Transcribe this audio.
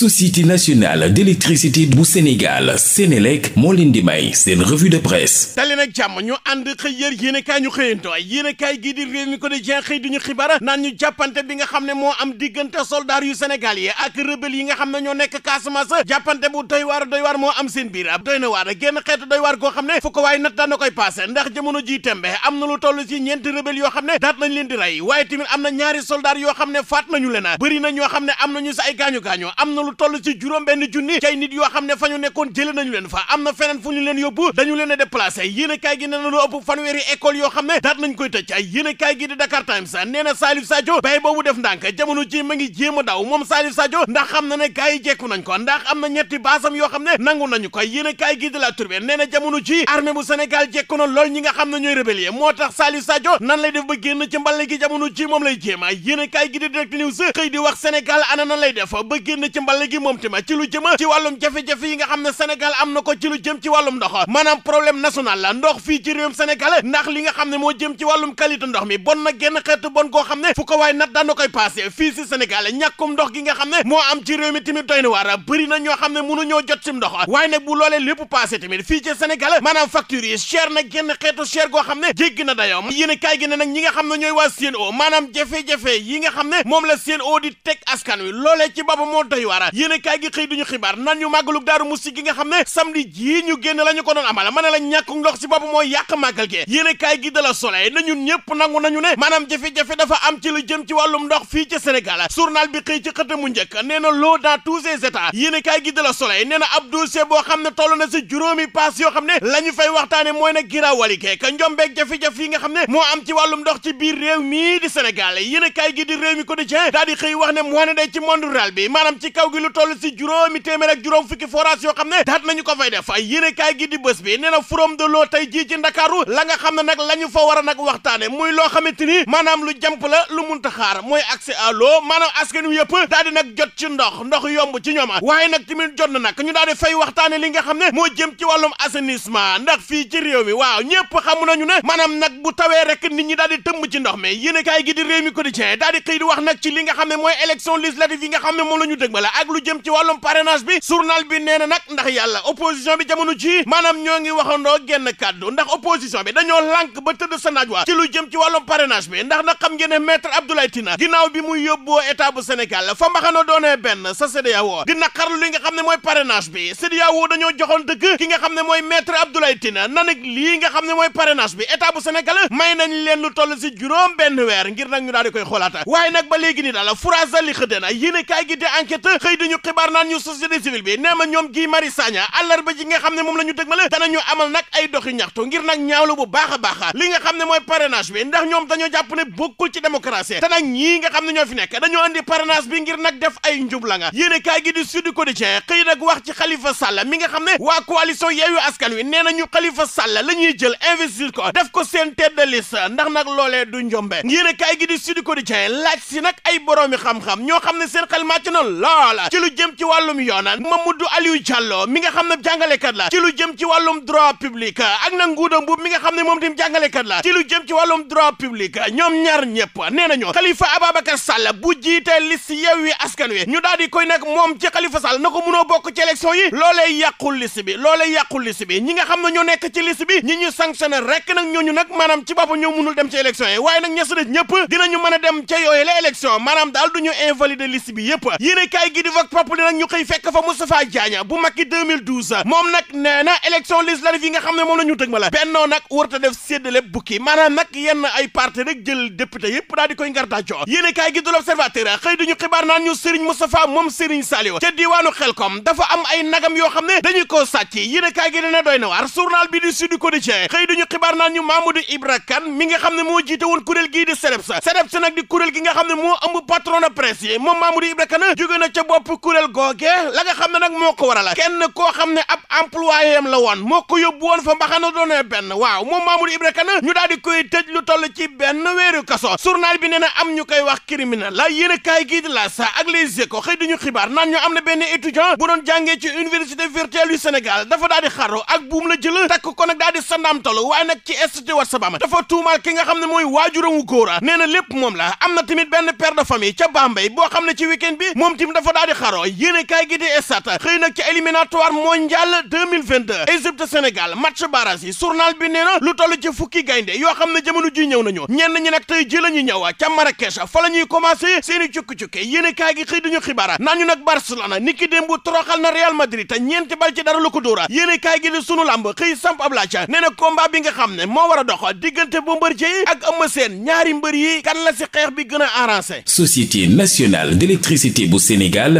société nationale d'électricité bu Sénégal Sénélec moo leen di may seen revue de presse dali jàmm ñu ànd xëy yér yéenekaay ñu xëyanto yéenekaay gii di réew mi ko di jen xëy duñu xibaar naan ñu jàppante bi nga xam ne moo am diggante soldaar yu Sénégal yi ak rebelle yi nga xam ne ñoo nekk Casamance jàppante bu doy waar doy waar moo am seen biir ab doy na waar génn xeetu doy waar koo xam ne fu ko waaye nat daana koy passé ndax jamono ji tembe am ne daat nañ leen di rey waaye tamit am ne faat na ñoo xam ne lu toll ci juróom benn junni cay nit yoo xam ne fa ñu nekkoon jële nañu leen fa am na feneen fu leen yóbbu dañu leen a déplacé yéen a kaay gi nee na lu ëpp fanweeri école yoo xam ne daat nañ koy tëj ay yéen a kaay gi di Dakar nee na Salif Sadio bay boobu def ndànk jamono ji ma ngi jéem a daw moom Salif Sadio ndax xam na ne gars yi jekku nañ ko ndax am na ñetti baasam yoo xam ne nangu nañu ko yéen a kaay gi di La Tribune nee na jamono ji armée bu Sénégal jekku na lool ñi nga xam na ñooy rébellier moo tax Salif Sadio nan lay def ba génn ci mbàlle gi jamono ji moom lay jéem ay yéen kaay gi di Direct News xëy di wax nan lay def ba génn ci mbàlle Sall gi moom tamit ci lu jëm ci wàllum jafe-jafe yi nga xam ne Sénégal am na ko ci lu jëm ci wàllum ndox maanaam problème national la ndox fii ci réewum Sénégal ndax li nga xam ne moo jëm ci wàllum qualité ndox mi bon na genn xeetu bon koo xam ne fu ko waaye nat daan na koy passé fii si Sénégal ñàkkum ndox gi nga xam ne moo am ci réew mi tamit doy na waar bëri na ñoo xam ne mënuñoo jot ci ndox waaye nag bu loolee lépp passé tamit fii ci Sénégal maanaam facture yi cher na genn xeetu cher goo xam ne jéggi na dayoo yéen kaay gi ne nag ñi nga xam ne ñooy waa CNO maanaam jafe-jafe yi nga xam ne moom la CNO di teg askan wi loolee ci boppam moo doy waar yéen a gi xëy duñu xibaar nan ñu màggalug daaru musti gi nga xam ne samedi jii ñu génn la ñu ko doon amala ma ne la ñàkku ndox si bopp mooy yàq màggal gi yéen a kaay gi da la soleil na ñëpp nangu nañu ne maanaam jafe-jafe dafa am ci lu jëm ci wàllum ndox fii ci Sénégal surnal bi xëy ci xëta mu njëkk nee na loo dans tous ses états yéen gi da la soleil nee na ab dossier boo xam ne toll na si juróomi paas yoo xam ne la ñu fay waxtaane mooy na giraawali keek njombeeg jafe yi nga xam ne moo am ci wàllum ndox ci biir réew mii di Sénégal yéen gi di réew mi quotidien daal xëy wax ne moo ne day ci monde rural bi ci kaw gi lu toll si juróomi téeméer ak juróom fukki forage yoo xam ne daat nañu ko fay def yéene kaay gi di bés bi nee na de l'eau tey jii ci ndakaaru la nga xam ne nag la ñu fa war a nag waxtaane muy loo xamante ni maanaam lu jamp la lu munta xaar mooy accès à l'eau maanaam askan wi yëpp daal nag jot ci ndox ndox yomb ci ñoom ah. waaye nag tamit jot na nag ñu daal di fay waxtaane li nga xam ne moo jëm ci wàllum assainissement ndax fii ci réew mi waaw ñëpp xamu nañu ne maanaam nag bu tawee rek nit ñi daal di tëmb ci ndox mi yéene kaay gi nga xam ne mooy élection législative yi la ak lu jëm ci wàllum parrainage bi journal bi nee na nag ndax yàlla opposition bi jamono ji maanaam ñoo ngi waxandoo genn kàddu ndax opposition bi dañoo lànk ba tëdd sa naaj waa ci lu jëm ci wàllum parrainage bi ndax nag xam ngeen ne maître Abdoulaye Tina ginnaaw bi muy yóbboo état bu Sénégal fa mbaxana doonee benn sa CEDEAO na naqarlu li nga xam ne mooy parrainage bi CEDEAO dañoo joxoon dëgg ki nga xam ne mooy maître Abdoulaye Tina na nag lii nga xam ne mooy parrainage bi état bu Sénégal may nañ leen lu toll si benn weer ngir nag ñu daal koy xoolaata waaye nag ba léegi ni daal furage li na yéene kaay gi di enquête xëy dañu xibaar naan ñu société civile bi nee ma ñoom Guy Marius Sagna àllarba ji nga xam ne moom la ñu dëgmale danañu amal nag ay doxi ñaxtu ngir nag ñaawlu bu baax a baax li nga xam ne mooy parrainage bi ndax ñoom dañoo jàpp ne bokkul ci démocratie te nag ñii nga xam ne ñoo fi nekk dañoo andi parrainage bi ngir nag def ay njubla nga yéene kaay gi di Sud Quotidien xëy nag wax ci Khalifa Sall mi nga xam ne waa coalition Yewwi Askan Wi nee nañu Khalifa Sall la ñuy jël investir ko def ko seen tête de liste ndax nag loolee du njombe yéene kaay gi di Sud Quotidien laaj si nag ay boroomi xam-xam ñoo xam ne seen xel màcc na lool la ci lu jëm ci wàllum yoon Mamadou Aliou Diallo mi nga xam ne jàngalekat la ci lu jëm ci wàllum droit public ak na Ngouda Mboup mi nga xam ne moom tim jàngalekat la ci lu jëm ci wàllum droit public ñoom ñaar ñëpp nee nañu Khalifa Ababacar Sall bu jiitee liste Yewwi Askan Wi ñu daal koy nag moom ci Khalifa Sall na ko mënoo ci élection yi nekk ci liste bi ñi ñu sanctionné rek nag ñooñu nag maanaam ci boppam ñoo mënul dem ci élection yi waaye nag ñesa daj ñëpp di vox ñu xëy fekk fa Moustapha Diagne bu Macky 2012 moom nag nee na élection législative yi nga xam ne moom la ñu dëg ma la bennoo nag warta def séddale bukki maanaam nag yenn ay parti rek jël député yëpp daal di koy ngar daajoo yéene kaay gi du yoo xam ne dañu koo sàcc yéene gi dina doy na waar journal bi di Sud Quotidien xëy duñu xibaar naan ñu Mamadou Ibra Kane mi nga xam ne moo jiite woon kuréel gii di CDEPS CDEPS nag di kuréel gi nga xam bopp kuréel googe la nga xam ne nag moo ko waral kenn koo xam ne ab employé la woon moo ko yóbbu woon fa mbaxana doonee benn waaw moom Mamadou Ibra Kane ñu daal koy tëj lu toll ci benn weeru kaso journal bi nee am ñu koy wax criminel la yéen a kaay la sa ak les échos xëy duñu xibaar naan ñu am na benn étudiant bu doon jàngee ci université virtuelle yu dafa daal xaru ak buum la jël takk ko nag daal di sandaamtalu waaye nag ci statut WhatsApp am di xaro yéene kaay gi di estat xëy nag ci éliminatoire mondial 2022 Égypte Sénégal match barrage yi journal bi nee na lu toll ci fukki gaynde yoo xam ne jamono ji ñëw nañu ñenn ñi nag tey ji la ñu ñëw ca Marrakech fa la ñuy commencé seen i cukki-cukki yéene kaay gi xëy duñu xibaara naan ñu nag Barcelona ni ki démb toroxal na Real Madrid te ñeenti bal ci dara lu ko dóora yéene kaay di sunu làmb xëy samp ab laaj nee na combat nga xam ne moo a a